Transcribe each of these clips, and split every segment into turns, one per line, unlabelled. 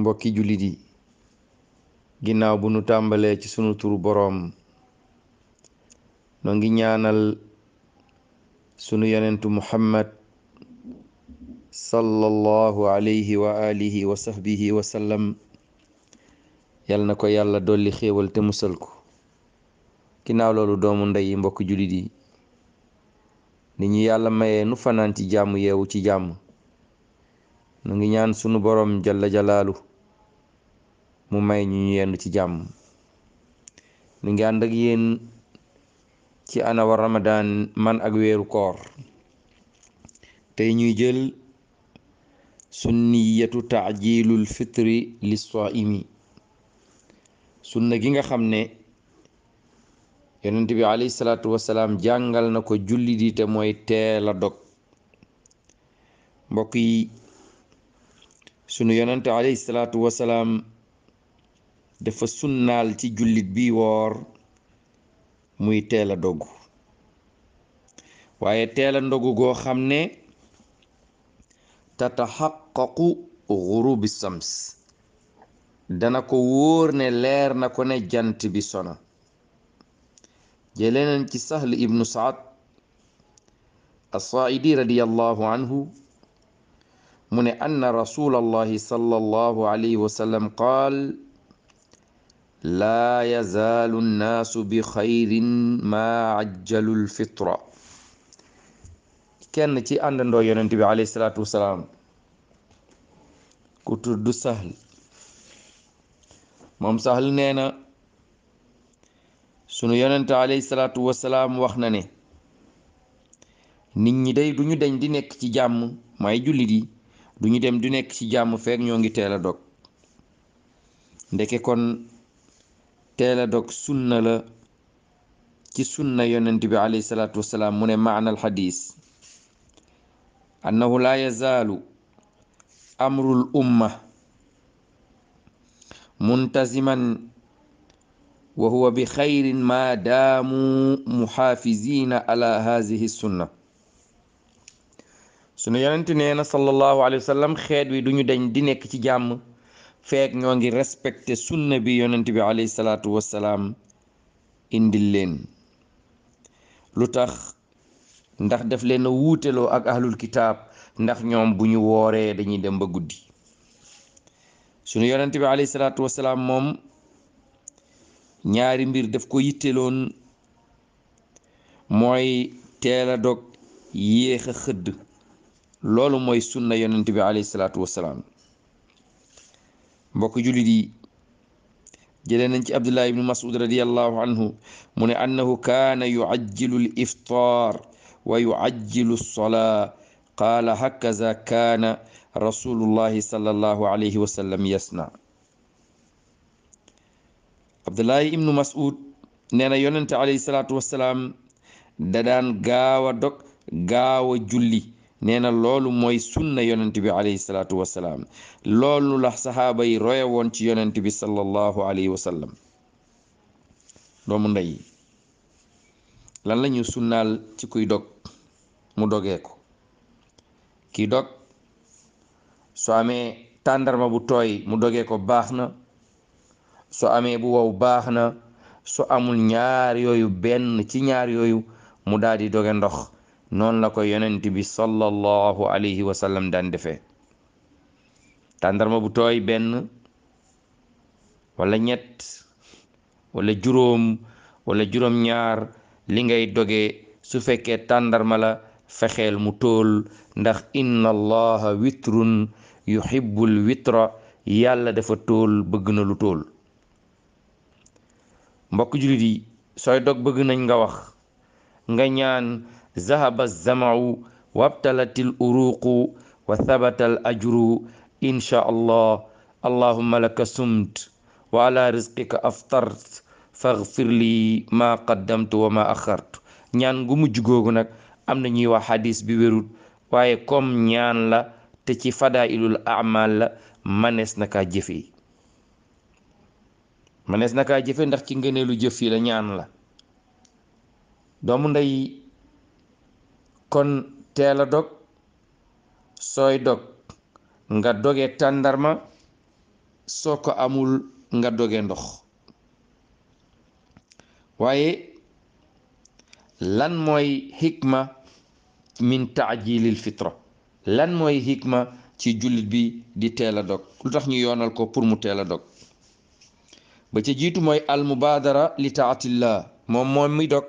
mbokki jullit yi ginnaaw bu nu tàmbalee ci sunu turu boroom noo ngi ñaanal sunu yonentu muhammad sallallahu alayhi wa alihi wa sahbihi wa sallam yal na ko yàlla dolli xéewal te musal ko ginnaaw loolu doomu ndey mbokki jullit yi ni ñu yàlla mayee nu fanaan ci jàmm yeewu ci jàmm nu ngi ñaan sunu boroom jalla jalaalu mu may ñu ñu yendu ci jàmm ñu ngi ànd ak yéen ci ana wa man ak weeru koor tey ñuy jël sunniyatu taajilul fitri li saimi sunna gi nga xam ne yonent bi alayhi salaatu wasalaam jàngal na ko julli di te mooy teel dog mbokk yi sunu yonent alayhi salaatu wasalaam dafa sunnaal ci jullit bi woor muy teela a waaye teela a goo xam ne tataxaqaqu gurubi sams dana ko wóor ne leer na ko ne jant bi sona jëlee nañ ci sahl ibnu saad asaaidi radiyallahu anhu mu ne anna rasulallahi sallallahu alayhi wa qaal laa yazaalu nnaasu bi xayrin maa ajjalul fitra kenn ci àndandoo yonent bi alayhi salaatu wasalaam ku du sahl moom sahl nee na sunu yonent alayhi salaatu wasalaam wax na ne nit ñi day duñu deñ di nekk ci jàmm may jullit yi duñu dem di nekk ci jàmm feek ñoo ngi teel a dog ndeke kon teel a dog sunna la ci sunna yonent bi alayhi salaatu wasalaam mu ne maana alxadiis annahu laa yazaalu amrul umma muntaziman wa huwa bi xayrin maa daamu muxaafisiina ala haadihi sunna sunu yonent nee na xeet wi duñu dañ di nekk ci jàmm feek ñoo ngi respecté sunna bi yonent bi alayhi salaatu wassalaam indi leen lu tax ndax daf leen a wuuteloo ak ahlul kitaab ndax ñoom bu ñu wooree dañuy dem ba guddi suñu yonent bi alayhi wassalaam moom ñaari mbir daf ko yitteloon mooy teel dog yéex xëdd loolu mooy sunna yonent bi alayhi wassalaam mbokk jullit yi jëlee nañ ci abdullah ibnu masud radiallahu anhu mu ne annahu kaana yuajjilu l iftaar wa yuajjilu rasulullahi sallallahu alayhi yasna abdullah ibnu masud nee na yonente alayhi salaatu wassalaam da daan julli nee na loolu mooy sunna yonent bi alayhi salaatu wasalaam loolu la saxaaba yi roye woon ci yonent bi sallallahu alayhi wa sallam doomu ndey lan lañu ñu sunnaal ci kuy dog mu dogee ko kiy dog soo amee tàndarma bu tooy mu dogee ko baax na su amee bu wow baax na su amul ñaar yooyu benn ci ñaar yooyu mu daldi doge ndox noonu la ko yonent bi sallallahu alayhi wa sallam daan defe tàndarma bu tooy benn wala ñett wala juróom wala juróom-ñaar li ngay doge su fekkee tàndarma la fexeel mu tool ndax inna allaha witrun yuhibbul witra yàlla dafa tool bëgg na lu tool mbokk jullit yi sooy dog bëgg nañ nga wax nga ñaan zahaba zamau wabtalati l uruqu wa thabata al ajru inchaa allah allahuma laka sumt wa ala risqika aftart faghfir li ma qaddamtu wa ma axartu ñaan gu mujj googu nag am na ñuy wax bi wérut waaye comme ñaan la te ci fadailul amal la manees na kaa jëfee manees na kaa jëfe ndax ci ngëneelu jëf yi la ñaan la doomu ndey kon teel dog sooy dog nga doge tàndarma soo ko amul nga doge ndox waaye lan mooy xikma min taajilil fitra lan mooy xikma ci jullit bi di teel a dog lu tax ñu yoonal ko pour mu teel a dog ba ca jiitu mooy almubaadara li taatillah moom moom mi dog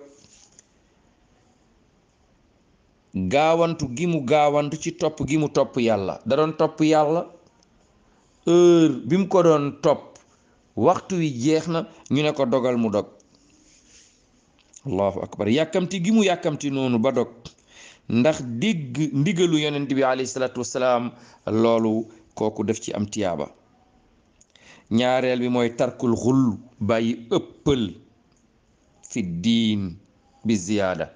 gaawantu gi mu gaawantu ci topp gi mu topp yàlla da doon topp yàlla heure bi mu ko doon topp waxtu wi jeex na ñu ne ko dogal mu dog allahu yàkkamti gi mu yàkkamti noonu ba dog ndax digg ndigalu yonent bi alayhi salaatu wasalaam loolu kooku def ci am tiyaaba ñaareel bi mooy tarkul xul bàyyi ëppal fi diin bi ziyaada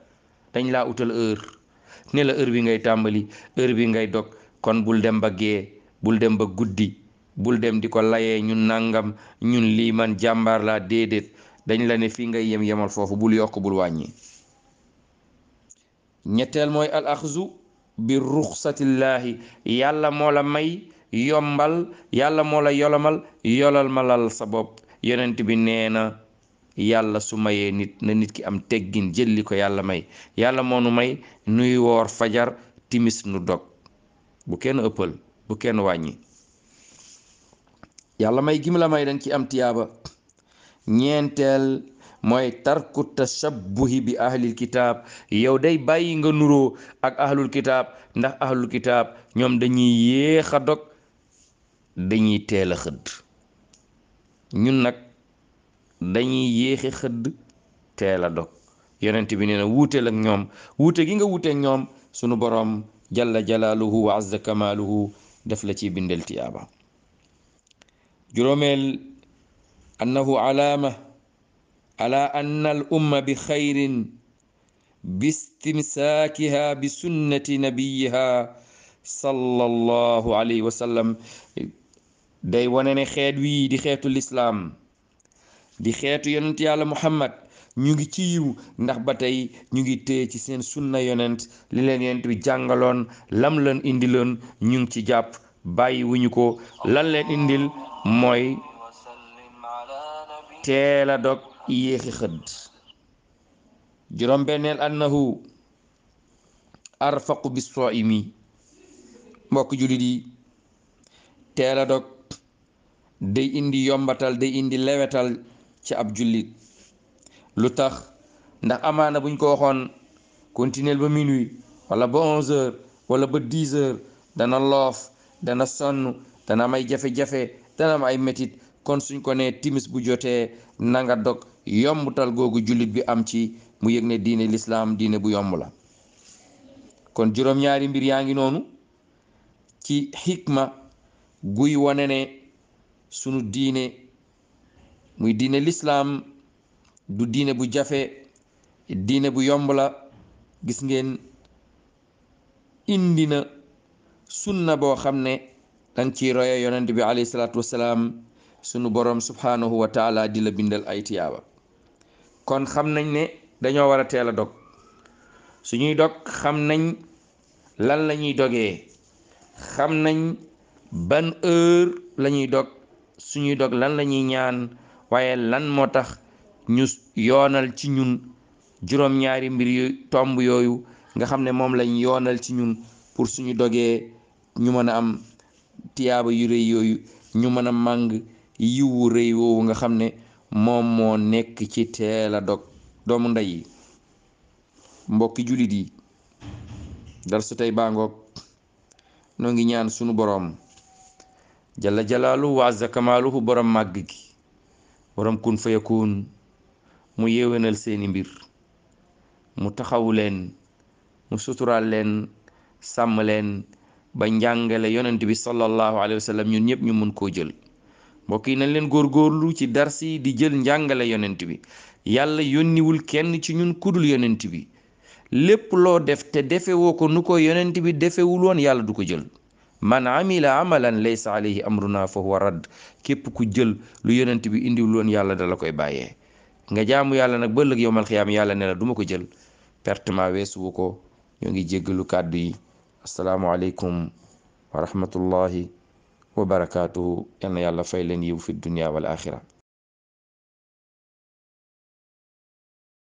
dañ laa wutal heure ne la heure bi ngay tàmbali heure bi ngay dog kon bul dem ba gée bul dem ba guddi bul dem di ko laye ñun nangam ñun lii man jàmbaar laa déedéet dañ la ne fii ngay yem yemal foofu bul yokk bul wàññi ñetteel mooy al axzu bi ruxsatillaahi yàlla moo la may yombal yàlla moo la yolomal yolal malal sa bopp yonent bi nee na yàlla su mayee nit na nit ki am teggin jël jëlli ko yàlla may yàlla moo nu may nuy woor fajar timis nu dog bu kenn ëppal bu kenn wàññi yàlla may gim la may dañ ci am tiyaaba ñeenteel mooy tarkuta tashabbuhi bi ahlil kitaab yow day bàyyi nga nuroo ak ahlul kitaab ndax ahlul kitaab ñoom dañuy yéexa dog dañuy teel a xëdd ñun nag dañuy yéexe xëdd teel a dog yonent bi nee na ñoom wuute gi nga wuuteek ñoom sunu boroom jalla jalaaluhu wa azza kamaaluhu def la ci bindel tiyaaba juróomeel annahu alaama ala anna al umma bi xayrin bi istimsaakiha bi sunnati nabiyiha sallallahu alayhi wa day wane ne xeet wii di xeetu lislaam di xeetu yonent yàlla muhammad ñu ngi ci yiw ndax ba tey ñu ngi téye ci seen sunna yonent li leen yonent bi jàngaloon lam leen indiloon ñu ngi ci jàpp bàyyi wuñu ko lan leen indil mooy teel a dog yéexi xëdd juróom benneel annahu arfaqu bi i mbokk jullit yi teel a dog day indi yombatal day indi lewetal ci ab jullit lu tax ndax amaana buñ ko waxoon continuer ba minuit walla ba onze heures wala ba dix heures dana loof dana sonn dana am ay jafe-jafe dana am ay metit kon suñ ko nee timis bu jotee nanga dog yombutal googu jullit bi am ci mu yëg ne diine lislaam diine bu yomb la kon juróom-ñaari mbir yaa ngi noonu ci xikma guy wane ne sunu diine muy diine lislaam du diine bu jafe diine bu yomb la gis ngeen indi na sunna boo xam ne danga ciy roye yonent bi alayhi salaatu sunu borom subhaanahu di la bindal ay tiyaaba kon xam nañ ne dañoo war a teel a dog suñuy dog xam nañ lan lañuy dogee xam nañ ban heure la ñuy dog suñuy dog lan la ñuy ñaan waaye lan moo tax ñu yoonal ci ñun juróom-ñaari mbir yu tomb yooyu nga xam ne moom lañ yoonal ci ñun pour suñu dogee ñu mën a am tiyaaba yu rëy yooyu ñu mën a màng yiwu rëy woowu nga xam ne moom moo nekk ci teel dog doomu ndey yi mbokki jullit yi dal su tey bàngook noo ngi ñaan sunu boroom jala jalaalu wa azza boroom màgg gi borom kun fayakun mu yéwénal seeni mbir mu taxawu leen mu suturaal leen sàmm leen ba njàngale yonent bi sallallahu alayhi wa sallam ñun ñëpp ñu mun koo jël mbokk yi nañ leen góorgóorlu ci darsi di jël njàngale yonent bi yàlla yónniwul kenn ci ñun kudul yonent bi lépp loo def te defewoo ko nu ko yonent bi defewul woon yàlla du ko jël man amila amalan laysa alayhi amruna fa huwa radd képp ku jël lu yonent bi indiwul loon yàlla dala koy bàyyee nga jaamu yàlla nag ba ëllëg yowmal xiyaam yàlla ne la duma ko jël pertement weesuwu ko ñoo ngi jéggalu kàddu yi asalaamualeykum wa rahmatullahi wa barakaatu yàlla fay leen yiw fi dunia wal axira